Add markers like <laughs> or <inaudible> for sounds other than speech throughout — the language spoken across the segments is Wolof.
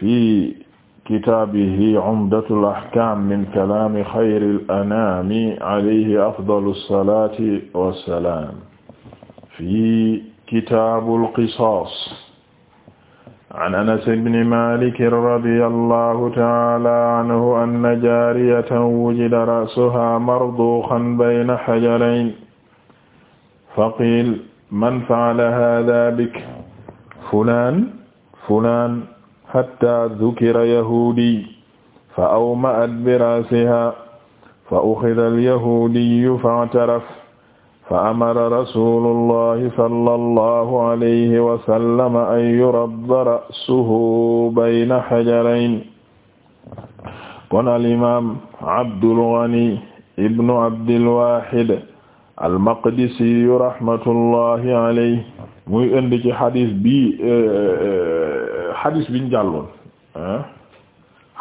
fi kitaabihi Umdatul Ahkaam min kalaami xayril anaami alayhi afdalu salaati wa salaam fi kitaabul qisaas an Anas ibn Maalik radiyallaahu ta'aalaa anhu anna jaariyatan wujida ra'suhaa marduuxan bayna hajarayni faqiila man fa'ala haazaa bika fulaan fulaan hatta dhukira yahuudi fa awma'at bi raasiha fa ukhidha al-yahuudiyyu fa'taraf fa amara rasuulullahi sallallahu alayhi wa sallam an yuradda ra'suhu bayna hajarayn kon al-imaam Abdul Ghani ibnu Abdil Waahid al-Maqdisi rahmatullahi alayhi muy indi ci hadis bi eh, eh, xadis bi ñu jàlloon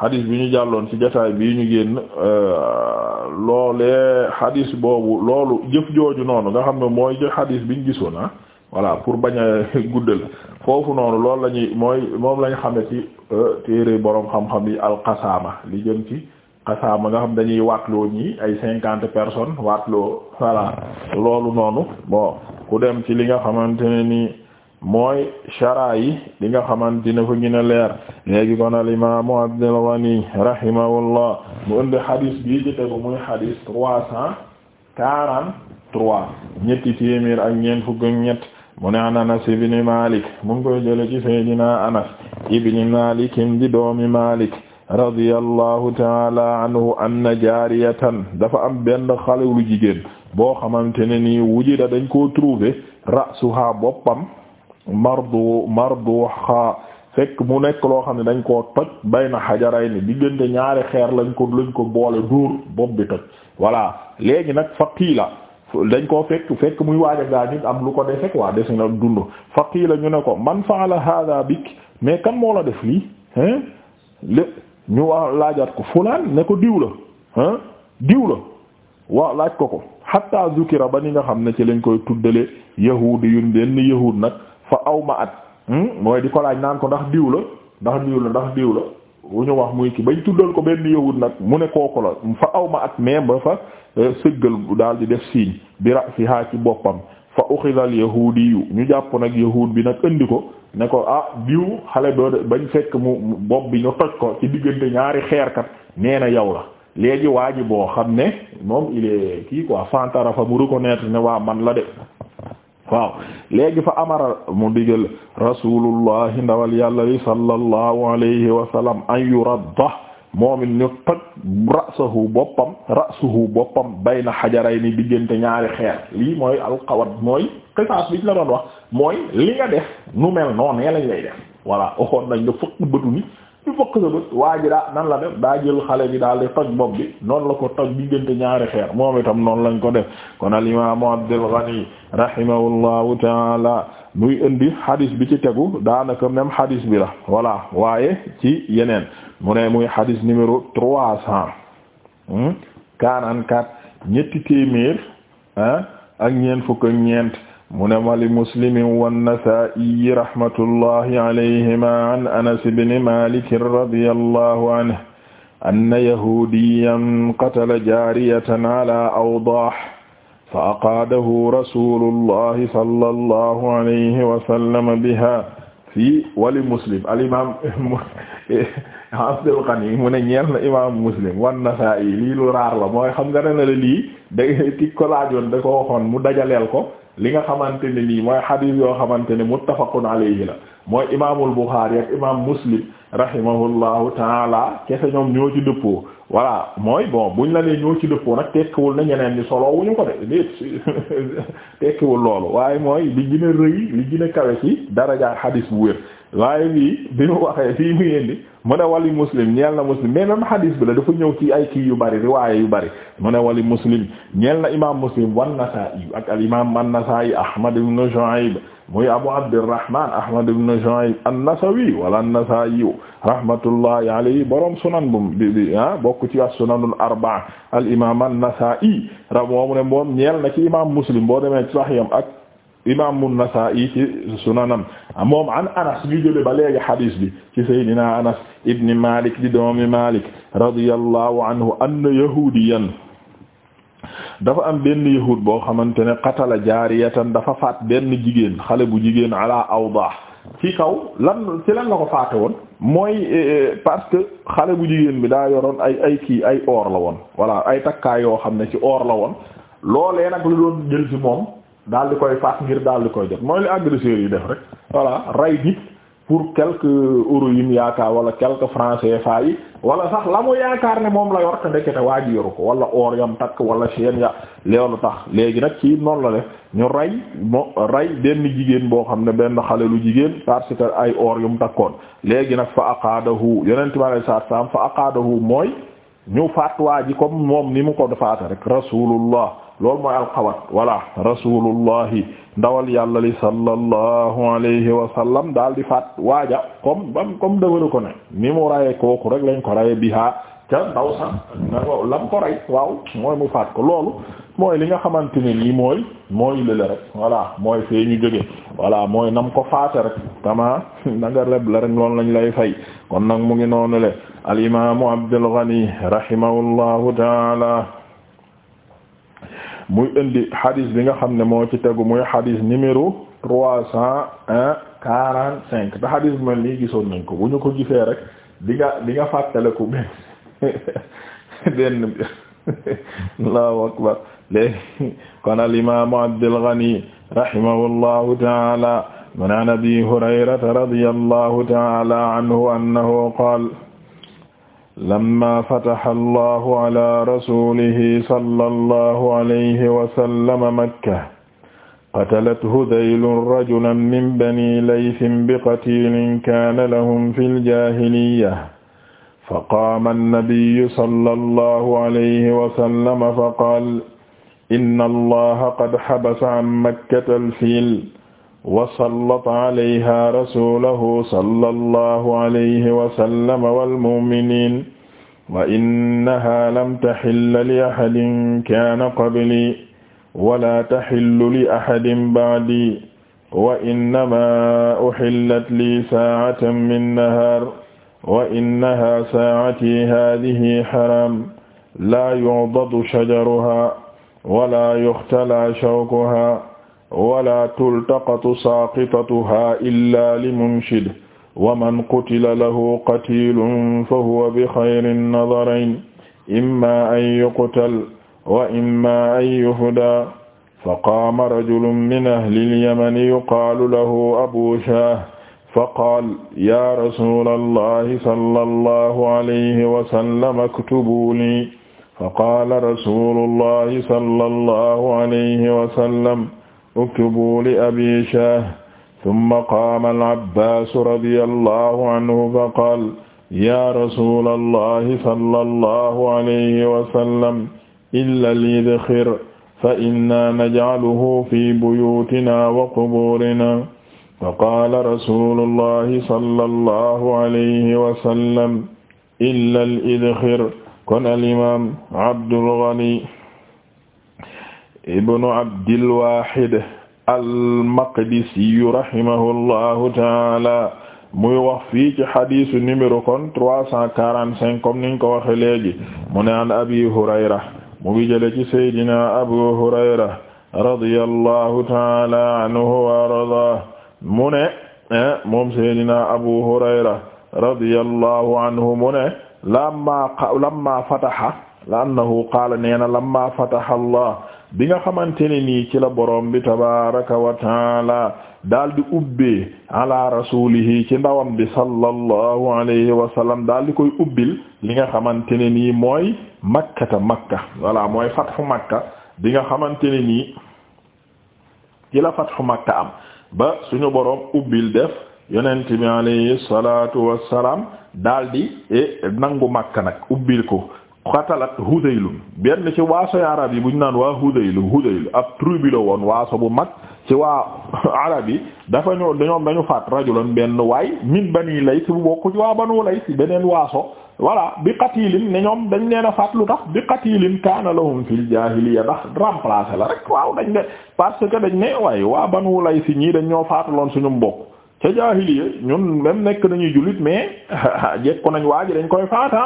xadis bi ñu jàlloon ci jotaay bii ñu génn euh, loolee xadis boobu loolu jëf jooju noonu nga xam ne mooy jëf bi ñu gisoon ah voilà pour bañ a <laughs> guddal foofu noonu lool la ñuy mooy moom lañ xame ci euh, téere boroom xam-xam yi alxasaama li jëm ci xasaama nga xam dañuy waatloo ñi ay cinquante personnes waatloo voilà loolu noonu bon ku dem ci li nga xamante nii mooy shara yi li nga xamante ne fa gën a leer léegi kon al imaamu Abdul Ghani rahimahullah mu indi hadis bii tegu muy hadis trois cent quarante-trois ñetti téeméer ak ñeent ñett mu ne an Anas ibn Malik mu ngi koy jële ci Seydina Anas ibn Malik di doomi Malik radiyallahu taala anna jaariyatan dafa am benn xale lu jigéen boo xamante ne nii wujida dañ koo trouver rasuha boppam mardu mardu xa fekk mu nekk loo xam ne dañ koo toj bay na xajaray ni diggante ñaari xeer lañ ko lañ ko boole dóor bopp bi toj voilà léegi nag faqiila dañ koo fekk fekk muy waaja gaa ñu am lu ko defek waa des na dund faqiila ñu ne ko man faala hada bik mais kan moo la def lii hein lé ñu laajaat ko fulaan ne ko diw la hein diw laaj ko ko hatta zukira ba ni nga xam ne ci lañ koy tuddale yahudi yun benn yahud nag fa aw ma at hmm? mooy di ko laaj naan ko ndax diw la ndax diw la ndax diw la wu ñu wax muy ki bañ tuddal ko benn yowut nag mu ne kooku la fa aw ma at mais ba fa eh, sëggal daal di def siiñ bi ra'siha ci boppam fa uxidal yahudiyu ñu jàpp nag yahud bi nag indi ko ne ko ah diw xale doo bañ fekk mu bopp bi ñu toj ko ci diggante ñaari xeerkat nee na yow la léegi waa ji boo xam ne moom il est kii quoi fantara fa mu reconnaître ne waa man la de waaw léegi fa amara mu digal rasulullah ndawal yàlla li sallallahu alayhi wa sallam an yuradda moom it ñu toj ra'sahu boppam ra'suhu boppam bayna ni diggante ñaari xeer lii mooy alqawat mooy xisaas bi ñu la doon wax mooy li nga def nu mel noonu lañ lay def voilà waxoon nañ nga fëkk bëtu ni ñu fëkk sa bët waa ji daa nan la def daa jël xale bi daal di toj bopp bi noonu la ko toj diggante ñaari xeer moom itam noonu lañ ko def kon al imaamu Abdul Ghani rahimahullahu taala muy indi hadis bi ci tegu daanaka même hadis bi la voilà waaye ci yeneen mu ne muy hadis numéro trois cent quarante-quatre ñetti téeméer ah ak ñeent fukk ak ñeent mu ne ma li muslimin wannasaa'i rahmatullahi alayhima an anas ibn malik radiyallahu anhu anna yahudiyan qatala jaariyatan ala awdaah fa aqaadahu rasulullahi sallallahu alayhi wa sallam biha fii wali muslim al imaam <laughs> Abdul Ghani mu ne ñeel na imaamu muslim wannasaa'i lii lu raar la mooy xam nga ne la lii da ki ko laajoon da ko waxoon mu dajaleel ko. li nga xamante ne nii mooy xadiis yoo xamante ne muttafaqun alayhi la mooy imaamul Buxaari ak imaam Muslim rahimahullahu taala kese ñoom ñoo ci dëppoo voilà mooy bon buñ la nee ñoo ci dëppoo nag tekkiwul na ñeneen ñi solo wuñu ko de déet <laughs> tekkiwul loolu waaye mooy li gën a rëy li gën a kawe ci daraja xadis bu wér waaye fii bi mu waxee fii mu indi mu ne wali muslim ñeel na muslim mais même xadis bi la dafa ñëw ki ay kii yu bari riwaaye yu bari mu ne wali muslim ñeel na imaam muslim wan nasaa'i ak al imaam an-nasaa'i ahmad ibn shu'ayb muy Abu Abdirrahman Ahmad ibn Shu'ayb an-Nasawi wala an-Nasa'i rahmatullahi alayhi borom sunan bu bi ah bokk ci as-sunanul arba'a al-imam an-Nasa'i moom ne moom ñeel na ci imam Muslim boo demee ci ak imam an-Nasa'i ci sunanam moom an Anas ñu jële ba léegi hadis bi ci Seydina Anas ibn Malik di doomi Malik radiyallahu anhu anna yahudiyan dafa am benn yahud boo xamante ne qatala jaariyatan dafa faat benn jigéen xale bu jigéen ala awdah ci kaw lan ci lan nga ko faate woon mooy e, e, parce que xale bu jigéen bi daa yoroon ay ay kii ay or la woon voilà ay takkaay yoo xam ne ci or la woon loole nag lu doon jël ci moom daal di koy faat ngir daal di koy jot mooy li agresseurs yi def rek voilà rey nit pour quelque euros yi yaakaar wala quelques francs CFA yi wala sax la mu yaakaar ne moom la yor te ndekete waa ji yoru ko wala or yam takk wala chaîne ya loolu tax léegi nag ci noonu la def ñu rey mo ray benn jigéen boo xam ne benn xale lu jigéen parce que ay or yu mu takkoon léegi nag fa aqaadahu yeneen tubaab yi saa saam fa aqaadahu mooy ñu faat waa ji comme moom ni mu ko faata rek rasulullah loolu mooy alxawat voilà rasulullahi ndawal yàlla li sallallahu alayhi wa sallam daal di faat waaja comme bam comme dëgëru ko ne ni mu raye kooku rek lañ ko raye biha ca ndaw sax nga ko lam waaw mooy mu faat ko loolu mooy li nga xamante ni nii mooy mooy lële rek voilà mooy fee ñu jóge voilà mooy nam ko faate rek tama <laughs> na nga la rek loolu lañ lay fay kon nag mu ngi noonu le al imaamu Abdul Ghani rahimahullahu taala muy indi hadith bi nga xam ne moo ci muy hadith numéro trois cent un te hadith bi mel nii gisoon nañ ko bu ñu ko gisee rek di nga di nga fàttaliku benn <laughs> benn <laughs> kon al imaamu Abdul Ghani rahimahullahu ta'ala an Abi Hurayrata radiyallahu ta'ala anhu annahu lamma fataha allahu ala rasulihi sallallahu alayhi wa sallam makka qatalathu daylun rajulan min bani laythin biqatilin kaana lahum fil jaahiliyya faqaama annabiyyu sallallahu alayhi wa sallam faqaala inna allaha qad habasa an makkata al-fiil وسلط عليها رسوله صلى الله عليه وسلم والمؤمنين وإنها لم تحل لأحد كان قبلي ولا تحل لأحد بعدي وإنما أحلت لي ساعة من نهار وإنها ساعتي هذه حرام لا يعضد شجرها ولا يختلى شوكها wala tultaqatu saaqitatuha illa limunshid wa man qutila lahu qatilun fa huwa bi xayri nadarayn imma an yuqtal wa imma an yuhda fa qaama rajulun min ahli al-yamani yuqaalu lahu abu shaah fa qaala yaa rasuula allahi sallallahu alayhi wa sallam uktubuu lii fa qaala rasuulu allahi sallallahu alayhi wa sallam اكتبوا لأبي شاه ثم قام العباس رضي الله عنه فقال يا رسول الله صلى الله عليه وسلم إلا الإذخر فإنا نجعله في بيوتنا وقبورنا فقال رسول الله صلى الله عليه وسلم إلا الإذخر kon الإمام عبد الغني ibnu abdilwahid almaqdisiyu rahimahullahu taala muy wax fii ci xadisu numéro kon trois cent quarante-cinq comme niñ ko waxe léegi mu ne an abi hurayra mu ngi jële ci seydina abu hurayra radiyallahu taala anhu wa arda mu ne eh, moom seydina abu hurayra radiyallahu anhu mu ne lamma lamma la annahu qaala nee na lamma fataha allah bi nga xamante ni nii ci la borom bi tabaraka wa taala daal di ubbee ala rasulihi ci ndawam bi sallallahu alayhi wa daal di koy ubbil li nga xamante ne nii mooy makkata makka walla mooy fathu makka bi nga xamante ni nii ci la fathu makka am ba suñu borom ubbil def yonent bi alayhi salaatu wassalaam di e, nangu Makka nag ubbil ko xatalat Hudaylu benn ci waaso yu arab yi bu ñu naan waa Hudaylu Hudaylu ab tribu la woon waaso bu mag ci waa <laughs> arab yi dafa ñoo dañoom dañu faat rajulan benn waay min Bani Lays bu bokk ci waa Banu Lays beneen waaso voilà bi qatilin ne ñoom dañ leen a faat lu tax bi qatilin kaana lahum fil jaahiliya ndax remplacé la rek waaw dañ ne parce que dañ ne waaye waa Banu Lays ñii dañ ñoo faatuloon suñu mbokk ca jaahiliya ñun même nekk nañuy jullit mais <laughs> jekko nañ waa ji dañ koy faata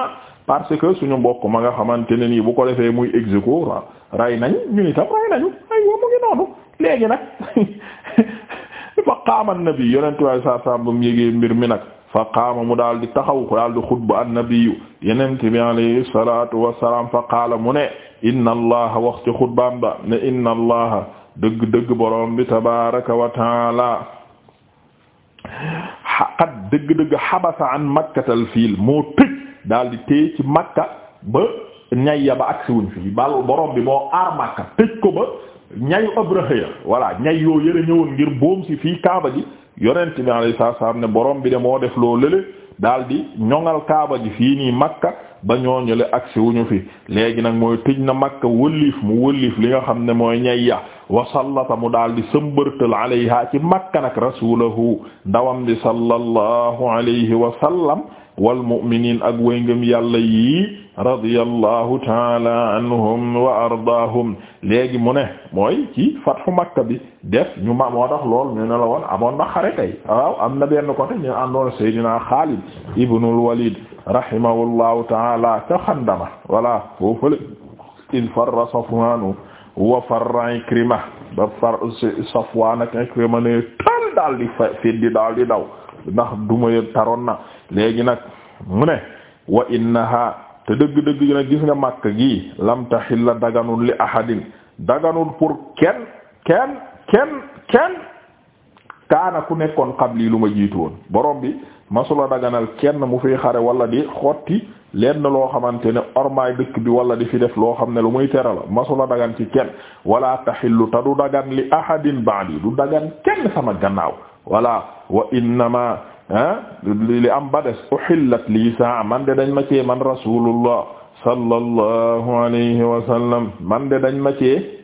parce que suñu mbokk ma nga xamante ne nii bu ko defee muy exéco ray nañ ñun itam ray nañu ay wa mu ngi noonu léegi nag <laughs> fa qaama nabi yonent waay saa saa mu yégee mbir mi nag fa qaama mu daal di taxaw daal di xutba annabiyu yonent bi alayhi salaatu wassalaam fa qaala mu ne inna allaha wax ci xutbaam ba ne inna dëgg dëgg borom tabaaraka wa xat dëgg-dëgg xabasa an makkatal fiil moo tëj daldi di téye ci makka ba ñay ya ba agsiwuñ fii bal borom bi moo aar makka tëj ko ba ñayu Abraha ya voilà ñay yoo yëre ñëwoon ngir boom si fii kaaba ji yonent bi alayhi salaam ne borom bi de moo def loo lële daal ñoŋal kaaba ji fii nii makka ba ñooñu le agsi wuñu fi léegi nag mooy tëj na Makka wëllif mu wëllif li nga xam ne mooy ñayya wasallata mu daal di sëmbërtal alayha ci Makka nak rasulahu ndawam bi sallallahu alayhi wa sallam wal mu'miniin ak way ngëm yàlla yii radiyallahu taala anhum wa ardaahum léegi mu ne mooy ci fathu Makka bi def ñu ma moo tax lool ñu ne la amoon na xare tey am na benn côté ñu àndoon Seydina Xaalid ibnul Walid rahimahullahu taala ca xandama voilà foofale farra safwaanu wa farra ikrima ba far safwaan ak ikrima ne tal daal di fa daal di daw ndax dumaye taroon na léegi nag mu ne wa innaha te dëgg-dëgg nag gis nga màkk gi lam taxilla daganul li ahadin daganul pour kenn kenn kenn kenn kaana ku nekkoon qabli lu ma jiitu woon borom bi masula daganal kenn mu fiy xare wala di xotti lenn loo xamante ne ormaay dëkk bi wala di fi def loo xam ne lu muy tere la masula dagan ci kenn wala taxillu ta du dagan li ahadin ba'di du dagan kenn sama gannaaw wala wa innama ah, li am ba des uhillat lii saa man de dañ ma man rasulullah sallallahu alayhi wa man de dañ ma cee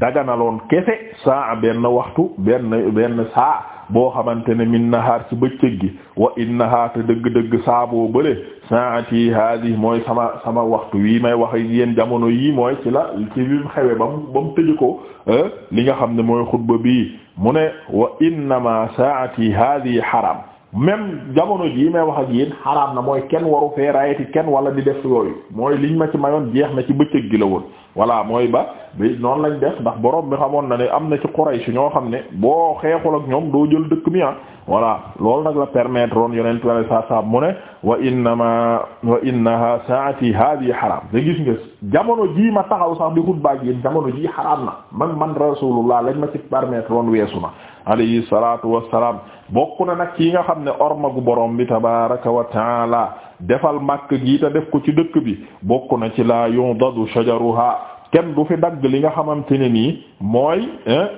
daganaloon kese saa benn waxtu benn benn saa boo xamante ne min nahaar ci bëccëg gi wa innaha te dëgg-dëgg saa boo bële saati haadi mooy sama sama waxtu wii may wax yéen jamono yii mooy ci la ci bi mu xewe ba mu ba ko eh, li nga xam ne mooy xutba bii mu ne wa innama saati haadi haram même jamono jii may wax ak yéen xaraam na mooy kenn waru fee rayati kenn wala di def yooyu mooy liñ ma ci mayoon jeex na ci bëccëg gi la woon voilà mooy ba bi noon lañ def ndax boroom bi xamoon na ne am na ci Quraysh ñoo xam ne boo xeexul ak ñoom doo jël dëkk mi ah voilà loolu nag la permettre woon yonent wala saa saa mu ne wa innama wa innaha saati hadi xaraam da gis nga jamono jii ma taxaw sax di xutba ak jamono jii xaraam na man man rasulullah lañ ma ci permettre woon weesu na alayhi salatu wassalam bokk na nag yi nga xam ne ormagu borom bi tabaraka wa taala defal màkk gi te def ko ci dëkk bi bokk na ci la yundadu shajaruha kenn du fi dagg li nga xamante ne nii mooy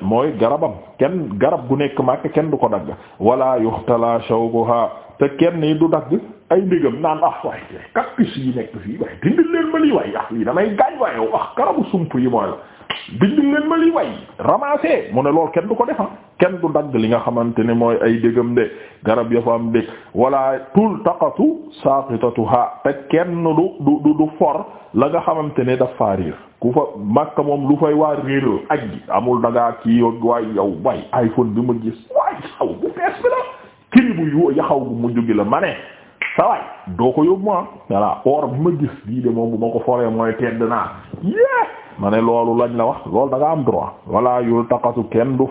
mooy garabam kenn garab gu nekk màkk kenn du ko dagg wala yuxtala shawbuha te kenn ni du dagg ay ndigam naan ah waay cactus yi nekk fii waaye dindil leen ma lii waaye ah damay gaañ waaye wax oh, ah, garabu sump yi mooy la bindil leen ma li way ramasser mu ne lool kenn du ko defa kenn du dagg li nga xamante ne mooy ay dégam de garab ya fa am dég wala tultaqatu saqitatuha te kenn du du du for la nga xamante ne daf faa ku fa Makka moom lu fay waa riir aj gi amul dangaa kii yoon waay yow waay iPhone bi ma gis waay yow bu bees bi la kiri bu yaxaw bu mujj gi la ma ne sawaay doo ko yóbbu ma ah. voilà or bi ma gis lii de moom bu ma ko foree mooy tedd naa yée ma ne loolu lañ la wax lool danga am droit wala yultaqatu kenn du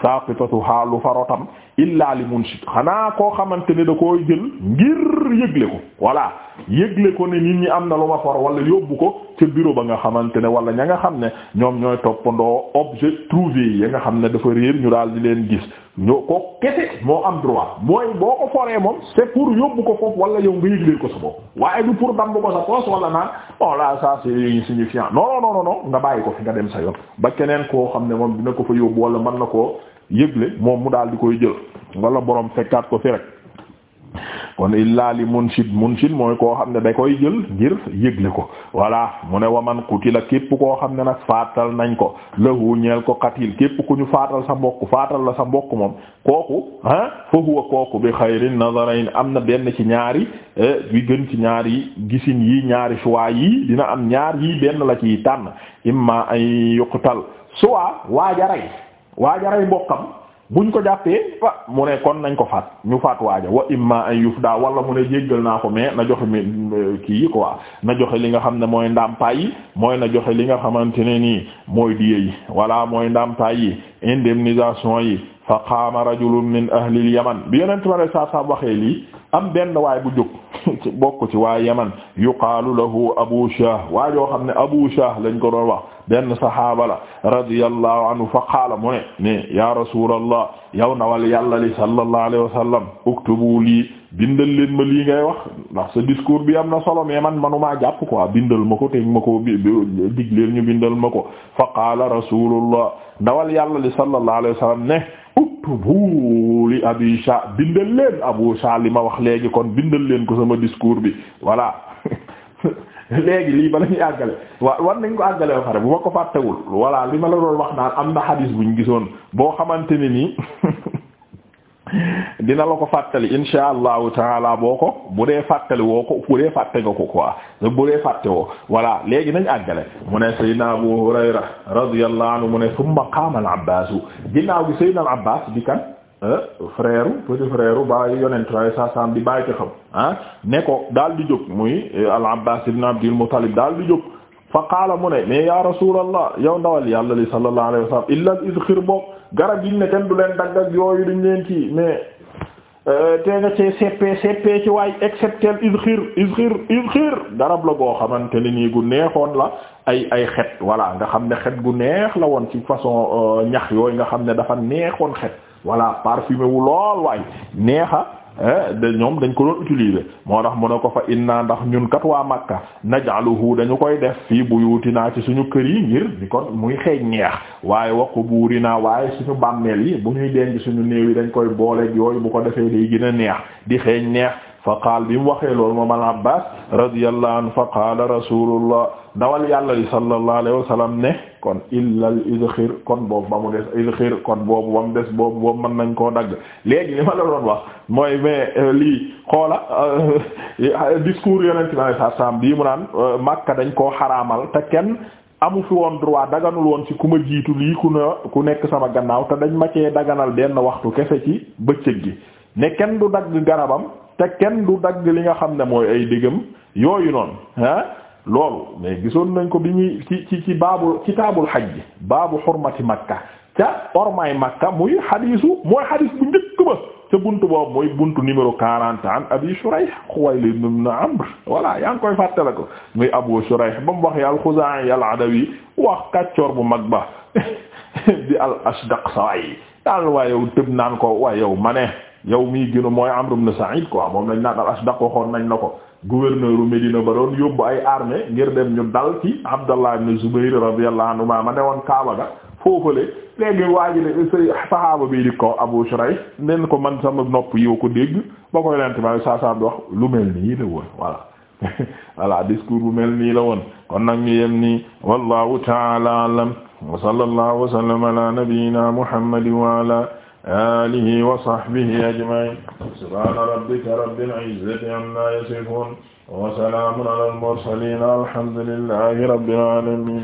sa fa lu xaalu farotam illa li si xanaa koo xamante ne da koy jël ngir yëgle ko voilà yëgle ko ne nit ñi am na lu ma for wala yóbbu ko ca bureau ba nga xamante ne wala ña nga xam ne ñoom ñooy toppandoo objet trouvé yi nga xam ne dafa réer ñu daal di leen gis ñoo ko kese moo am droit mooy boo ko foree moom c'est pour yóbbu ko foofu wala yow nga yëgle ko sa bopp waaye du pour damb ko sa poos wala naan oh là ça c'est insignifiant non non non non nga bàyyi ko fi nga dem sa yoon ba keneen koo xam ne moom dina ko fa yóbbu wala man na koo yëgle moom mu daal di koy jël wala borom fekkaat ko fi rek. kon illaa li munshid munshid mooy koo xam ne da koy jël ngir yëgle ko voilà mu ne waman qutila képp koo xam ne nag faatal nañ ko lahu ñeel ko qatil képp ku ñu faatal sa mbokk faatal la sa mbokk moom kooku ah fa huwa kooku bi xayrin nazarayn am na benn ci ñaari eh, bi gën ci ñaari gisin yi ñaari choix yi dina am ñaar yi benn la ci tànn imma ay yuqtal soit waaja rey waaja mbokkam buñ ko jàppee fa mu ne kon nañ ko faat ñu faat waaja wa imma an yufda wala mu ne jéggal naa ko mais na joxe kii yi ko waa na joxe li nga xam ne mooy ndàmpaay yi mooy na joxe li nga xamante ne nii mooy diye yi wala mooy ndàmpaay yi indemnisation yi fa qaama rajulun min ahlil yaman bi yeneen ma sa sa waxee lii am benn waay bu jóg <laughs> ci bokk ci waa yaman yuqaalu lahu abu shah waa yoo xam ne abu shah lañ ko doon wax benn sahaaba la radiyallahu anhu fa qaala mu ne ne ya rasulallah yow nawal yàlla li sallallahu alayhi wa sallam uktubu li bindal leen ma lii ngay wax ndax sa discours bi am na solo mais ma manumaa jàpp quoi ah, bindal ma ko teg ma ko bi digleel ñu bindal ma ko fa qaala rasulullah ndawal yàlla li sallallahu alayhi wa ne uktubu li abi sha bindal leen abu sha li ma wax léegi kon bindal leen ko sama discours bi <laughs> <laughs> léegi lii bala ñuy àggale waaw war nañ ko àggale ba pare bu ma ko fàttewul voilà li ma la doon wax naan am na xadiis buñ gisoon boo xamante ne nii <laughs> dina ko fàttali insha allahu taala boo ko bu dee fàttali woo ko bu dee ko quoi bu dee fàtte woo voilà léegi nañ àggale mu ne abu hurayra radiyallahu anhu mu ne summa qaama al abbaasu ginnaaw gi saydna abbaas bi Euh, frère petit frère bàyyi yonent waaye saa saam di bàyyi ko xam ah, ne ko daal di jóg muy euh, al Abbaas ibn Abdul Muttalib daal di jóg fa qaala mu ne mais ya rasulallah yow ndawal yàlla li sallallahu alayhi wa sallam illa izxir garab yi ne kenn du leen dagg yooyu duñ leen ci mais euh, te nga cee seppee seppee ci waay excepté izxir izxir izxir garab la goo xamante ne nii gu neexoon la ay ay xet voilà nga xam ne xet gu neex la woon ci façon ñax yooyu nga xam ne dafa neexoon xet voilà parfumé wu lool waaye neexa eh, da ñoom dañ ko doon utiliser moo tax mu ne ko fa inna ndax ñun kat waa Makka naj'aluhu dañu koy def fii naa ci suñu kër yi ngir di kon muy xeeñ neex waaye wax wa naa waaye suñu bàmmeel yi bu ñuy denc suñu néew yi dañ koy booleeg yooyu bu ko defee day gën a neex di xeeñ neex fa qaal bi mu waxee loolu moom al Abbaas radiyallahu anhu fa qaala rasulullah dawal yàlla li sallallahu alayhi wa sallam ne kon illal izxir kon boobu ba mu des izxir kon boobu ba mu des boobu boobu mën nañ koo dagg léegi li ma la doon wax mooy mais euh, lii xoola euh, <laughs> discours yonent bi alayhi salaam bii mu naan euh, Makka dañ koo xaraamal te kenn amu fi woon droit daganul woon ci ku ma jiitu lii ku ne ku nekk sama gannaaw te dañ ma daganal benn waxtu kese ci bëccëg gi ne kenn du dagg garabam te kenn du dagg li nga xam ne mooy ay diggam yooyu noonu loolu mais gisoon nañ ko bi ñuy ci ci ci baabu kitaabul hajj baabu xurmati makka ca ormay makka muy xadiisu mooy xadiis bu njëkk ba ca buntu boobu mooy bunt numéro quarante an abi shurayh xuwaylid ibn amr voilà yaa ngi koy fàttale ko muy abu shurayh ba mu wax al xuzaa'i yi adawi wax kàccoor bu mag ba <laughs> di al ashdaq saway daal waaye yow tëb naan ko waaye yow ma ne yow mii mooy amr ibn sa'id quoi moom nañ naan al ashdaq waxoon nañ na ko gouverneur u Médina ba doon yóbbu ay armée ngir dem ñu dal ci Abdallah ibn Zubayr radiyallahu anhu ma ma ne woon Kaaba ga foofale léegi waa ji de sa bi di ko Abu Shurayh nen ko man sama nopp yiw ko dégg ba koy lente ma saa lu mel nii la woon voilà <laughs> voilà mel nii la kon nag ñu yem ta'ala a'lam wa sallallahu wa ala nabiyyina Muhammadin wa ala wa sahbihi ajma'in subhaana rabbika rabbil izzati ammaa yasifuun wa salaamun alal mursaliin alhamdulillahi rabbil aalamiin